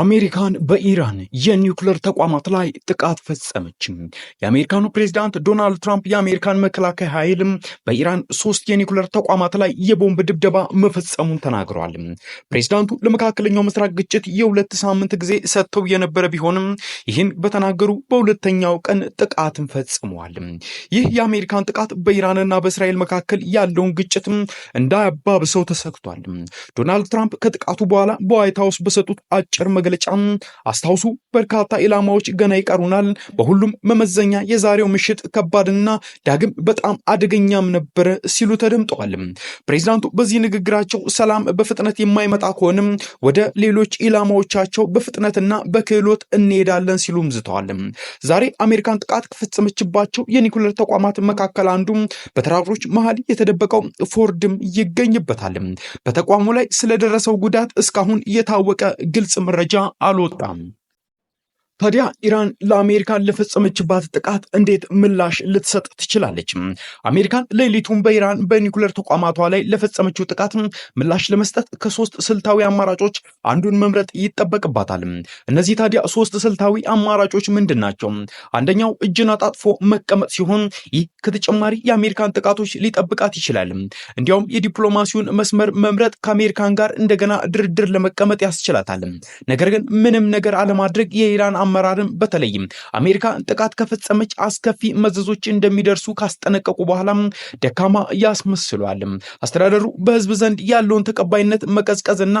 አሜሪካን በኢራን የኒውክሌር ተቋማት ላይ ጥቃት ፈጸመችም። የአሜሪካኑ ፕሬዚዳንት ዶናልድ ትራምፕ የአሜሪካን መከላከያ ኃይልም በኢራን ሶስት የኒውክሌር ተቋማት ላይ የቦምብ ድብደባ መፈጸሙን ተናግረዋል። ፕሬዚዳንቱ ለመካከለኛው ምስራቅ ግጭት የሁለት ሳምንት ጊዜ ሰጥተው የነበረ ቢሆንም ይህን በተናገሩ በሁለተኛው ቀን ጥቃትን ፈጽመዋል። ይህ የአሜሪካን ጥቃት በኢራንና በእስራኤል መካከል ያለውን ግጭትም እንዳያባብሰው ተሰግቷል። ዶናልድ ትራምፕ ከጥቃቱ በኋላ በዋይት ሀውስ በሰጡት አጭር መግለጫም አስታውሱ በርካታ ኢላማዎች ገና ይቀሩናል። በሁሉም መመዘኛ የዛሬው ምሽት ከባድና ዳግም በጣም አደገኛም ነበረ ሲሉ ተደምጠዋል። ፕሬዚዳንቱ በዚህ ንግግራቸው ሰላም በፍጥነት የማይመጣ ከሆንም ወደ ሌሎች ኢላማዎቻቸው በፍጥነትና በክህሎት እንሄዳለን ሲሉም ዝተዋል። ዛሬ አሜሪካን ጥቃት ከፈጸመችባቸው የኒኩለር ተቋማት መካከል አንዱ በተራሮች መሀል የተደበቀው ፎርድም ይገኝበታል። በተቋሙ ላይ ስለደረሰው ጉዳት እስካሁን የታወቀ ግልጽ መረጃ legea lui ታዲያ ኢራን ለአሜሪካን ለፈጸመችባት ጥቃት እንዴት ምላሽ ልትሰጥ ትችላለች? አሜሪካን ሌሊቱን በኢራን በኒውክሌር ተቋማቷ ላይ ለፈጸመችው ጥቃት ምላሽ ለመስጠት ከሶስት ስልታዊ አማራጮች አንዱን መምረጥ ይጠበቅባታል። እነዚህ ታዲያ ሶስት ስልታዊ አማራጮች ምንድን ናቸው? አንደኛው እጅን አጣጥፎ መቀመጥ ሲሆን፣ ይህ ከተጨማሪ የአሜሪካን ጥቃቶች ሊጠብቃት ይችላል። እንዲያውም የዲፕሎማሲውን መስመር መምረጥ ከአሜሪካን ጋር እንደገና ድርድር ለመቀመጥ ያስችላታል። ነገር ግን ምንም ነገር አለማድረግ የኢራን አመራርም በተለይም አሜሪካ ጥቃት ከፈጸመች አስከፊ መዘዞች እንደሚደርሱ ካስጠነቀቁ በኋላም ደካማ ያስመስሏል። አስተዳደሩ በህዝብ ዘንድ ያለውን ተቀባይነት መቀዝቀዝና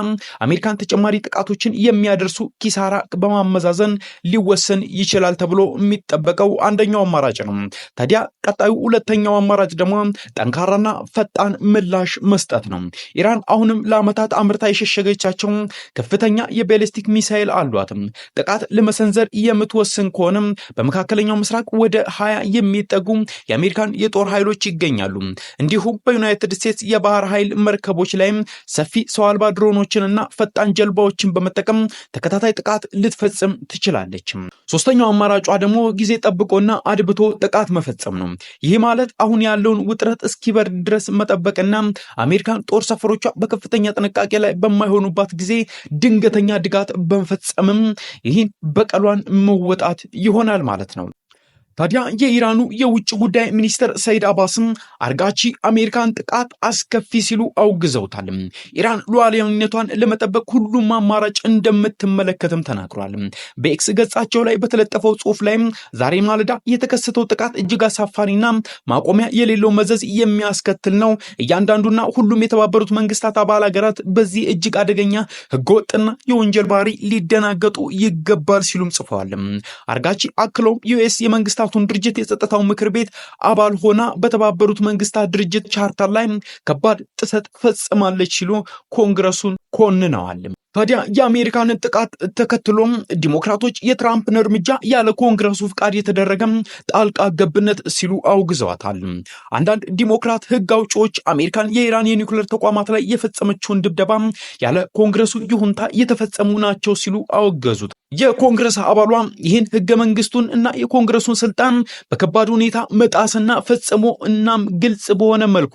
አሜሪካን ተጨማሪ ጥቃቶችን የሚያደርሱ ኪሳራ በማመዛዘን ሊወሰን ይችላል ተብሎ የሚጠበቀው አንደኛው አማራጭ ነው። ታዲያ ቀጣዩ ሁለተኛው አማራጭ ደግሞ ጠንካራና ፈጣን ምላሽ መስጠት ነው። ኢራን አሁንም ለዓመታት አምርታ የሸሸገቻቸው ከፍተኛ የቤሊስቲክ ሚሳይል አሏት። ጥቃት ለመሰንዘ ዘር የምትወስን ከሆነም በመካከለኛው ምስራቅ ወደ ሀያ የሚጠጉ የአሜሪካን የጦር ኃይሎች ይገኛሉ። እንዲሁም በዩናይትድ ስቴትስ የባህር ኃይል መርከቦች ላይም ሰፊ ሰው አልባ ድሮኖችንና ፈጣን ጀልባዎችን በመጠቀም ተከታታይ ጥቃት ልትፈጽም ትችላለች። ሶስተኛው አማራጯ ደግሞ ጊዜ ጠብቆና አድብቶ ጥቃት መፈጸም ነው። ይህ ማለት አሁን ያለውን ውጥረት እስኪበርድ ድረስ መጠበቅና አሜሪካን ጦር ሰፈሮቿ በከፍተኛ ጥንቃቄ ላይ በማይሆኑባት ጊዜ ድንገተኛ ድጋት በመፈጸምም ይህን በቀሏ ቃሏን መወጣት ይሆናል ማለት ነው። ታዲያ የኢራኑ የውጭ ጉዳይ ሚኒስትር ሰይድ አባስም አርጋቺ አሜሪካን ጥቃት አስከፊ ሲሉ አውግዘውታል። ኢራን ሉዓላዊነቷን ለመጠበቅ ሁሉም አማራጭ እንደምትመለከትም ተናግሯል። በኤክስ ገጻቸው ላይ በተለጠፈው ጽሑፍ ላይም ዛሬ ማለዳ የተከሰተው ጥቃት እጅግ አሳፋሪና ማቆሚያ የሌለው መዘዝ የሚያስከትል ነው። እያንዳንዱና ሁሉም የተባበሩት መንግስታት አባል ሀገራት በዚህ እጅግ አደገኛ ህገወጥና የወንጀል ባህሪ ሊደናገጡ ይገባል ሲሉም ጽፈዋል። አርጋቺ አክለውም ዩኤስ የመንግስታ የመንግስታቱን ድርጅት የጸጥታው ምክር ቤት አባል ሆና በተባበሩት መንግስታት ድርጅት ቻርተር ላይ ከባድ ጥሰት ፈጽማለች ሲሉ ኮንግረሱን ኮንነዋል። ታዲያ የአሜሪካን ጥቃት ተከትሎ ዲሞክራቶች የትራምፕን እርምጃ ያለ ኮንግረሱ ፍቃድ የተደረገ ጣልቃ ገብነት ሲሉ አውግዘዋታል። አንዳንድ ዲሞክራት ህግ አውጪዎች አሜሪካን የኢራን የኒውክሌር ተቋማት ላይ የፈጸመችውን ድብደባ ያለ ኮንግረሱ ይሁንታ የተፈጸሙ ናቸው ሲሉ አወገዙት። የኮንግረስ አባሏ ይህን ህገ መንግስቱን እና የኮንግረሱን ስልጣን በከባድ ሁኔታ መጣስና ፈጽሞ እናም ግልጽ በሆነ መልኩ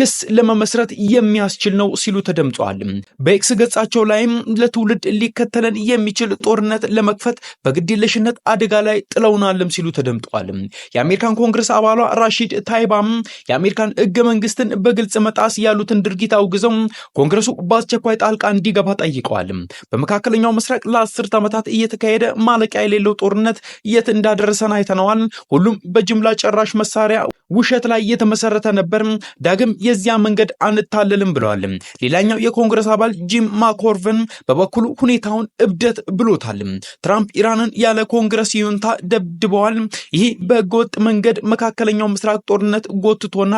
ክስ ለመመስረት የሚያስችል ነው ሲሉ ተደምጸዋል። በኤክስ ገጻቸው ላይም ለትውልድ ሊከተለን የሚችል ጦርነት ለመክፈት በግዴለሽነት አደጋ ላይ ጥለውናልም ሲሉ ተደምጠዋል። የአሜሪካን ኮንግረስ አባሏ ራሺድ ታይባም የአሜሪካን ህገ መንግስትን በግልጽ መጣስ ያሉትን ድርጊት አውግዘው ኮንግረሱ በአስቸኳይ ጣልቃ እንዲገባ ጠይቀዋል። በመካከለኛው ምስራቅ ለአስርት ዓመታት እየተካሄደ ማለቂያ የሌለው ጦርነት የት እንዳደረሰን አይተነዋል። ሁሉም በጅምላ ጨራሽ መሳሪያ ውሸት ላይ የተመሰረተ ነበር። ዳግም የዚያ መንገድ አንታለልም ብለዋል። ሌላኛው የኮንግረስ አባል ጂም ማኮርቨን በበኩሉ ሁኔታውን እብደት ብሎታል። ትራምፕ ኢራንን ያለ ኮንግረስ ይሁንታ ደብድበዋል። ይህ በህገወጥ መንገድ መካከለኛው ምስራቅ ጦርነት ጎትቶናል።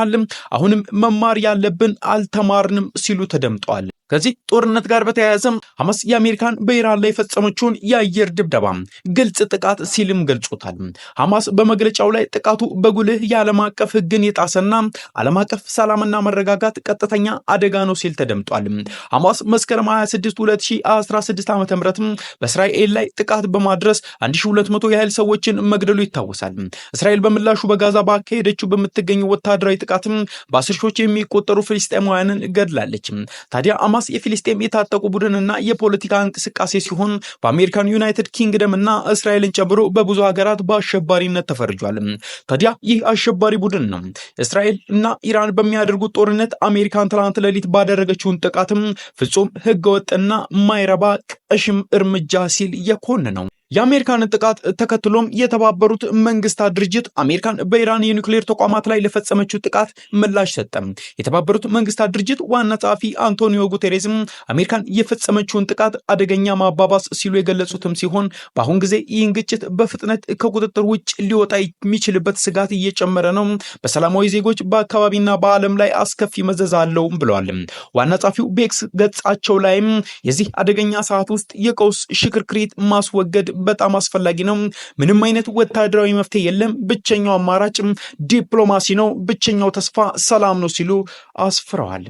አሁንም መማር ያለብን አልተማርንም ሲሉ ተደምጠዋል። ከዚህ ጦርነት ጋር በተያያዘም ሐማስ የአሜሪካን በኢራን ላይ የፈጸመችውን የአየር ድብደባ ግልጽ ጥቃት ሲልም ገልጾታል። ሐማስ በመግለጫው ላይ ጥቃቱ በጉልህ የዓለም አቀፍ ሕግን የጣሰና ዓለም አቀፍ ሰላምና መረጋጋት ቀጥተኛ አደጋ ነው ሲል ተደምጧል። ሐማስ መስከረም 26 2016 ዓ ም በእስራኤል ላይ ጥቃት በማድረስ 1200 ያህል ሰዎችን መግደሉ ይታወሳል። እስራኤል በምላሹ በጋዛ ባካሄደችው በምትገኘው ወታደራዊ ጥቃትም በአስር ሺዎች የሚቆጠሩ ፍልስጤማውያንን ገድላለች። ታዲያ ሐማስ የፊልስጤም የታጠቁ ቡድንና የፖለቲካ እንቅስቃሴ ሲሆን በአሜሪካን ዩናይትድ ኪንግደም እና እስራኤልን ጨምሮ በብዙ ሀገራት በአሸባሪነት ተፈርጇል። ታዲያ ይህ አሸባሪ ቡድን ነው። እስራኤል እና ኢራን በሚያደርጉት ጦርነት አሜሪካን ትላንት ሌሊት ባደረገችውን ጥቃትም ፍጹም ህገወጥና ማይረባ ቀሽም እርምጃ ሲል የኮን ነው። የአሜሪካን ጥቃት ተከትሎም የተባበሩት መንግስታት ድርጅት አሜሪካን በኢራን የኒውክሌር ተቋማት ላይ ለፈጸመችው ጥቃት ምላሽ ሰጠም። የተባበሩት መንግስታት ድርጅት ዋና ጸሐፊ አንቶኒዮ ጉቴሬዝም አሜሪካን የፈጸመችውን ጥቃት አደገኛ ማባባስ ሲሉ የገለጹትም ሲሆን በአሁን ጊዜ ይህን ግጭት በፍጥነት ከቁጥጥር ውጭ ሊወጣ የሚችልበት ስጋት እየጨመረ ነው፣ በሰላማዊ ዜጎች በአካባቢና በዓለም ላይ አስከፊ መዘዝ አለው ብለዋል። ዋና ጸሐፊው በኤክስ ገጻቸው ላይም የዚህ አደገኛ ሰዓት ውስጥ የቀውስ ሽክርክሪት ማስወገድ በጣም አስፈላጊ ነው። ምንም አይነት ወታደራዊ መፍትሄ የለም። ብቸኛው አማራጭ ዲፕሎማሲ ነው። ብቸኛው ተስፋ ሰላም ነው ሲሉ አስፍረዋል።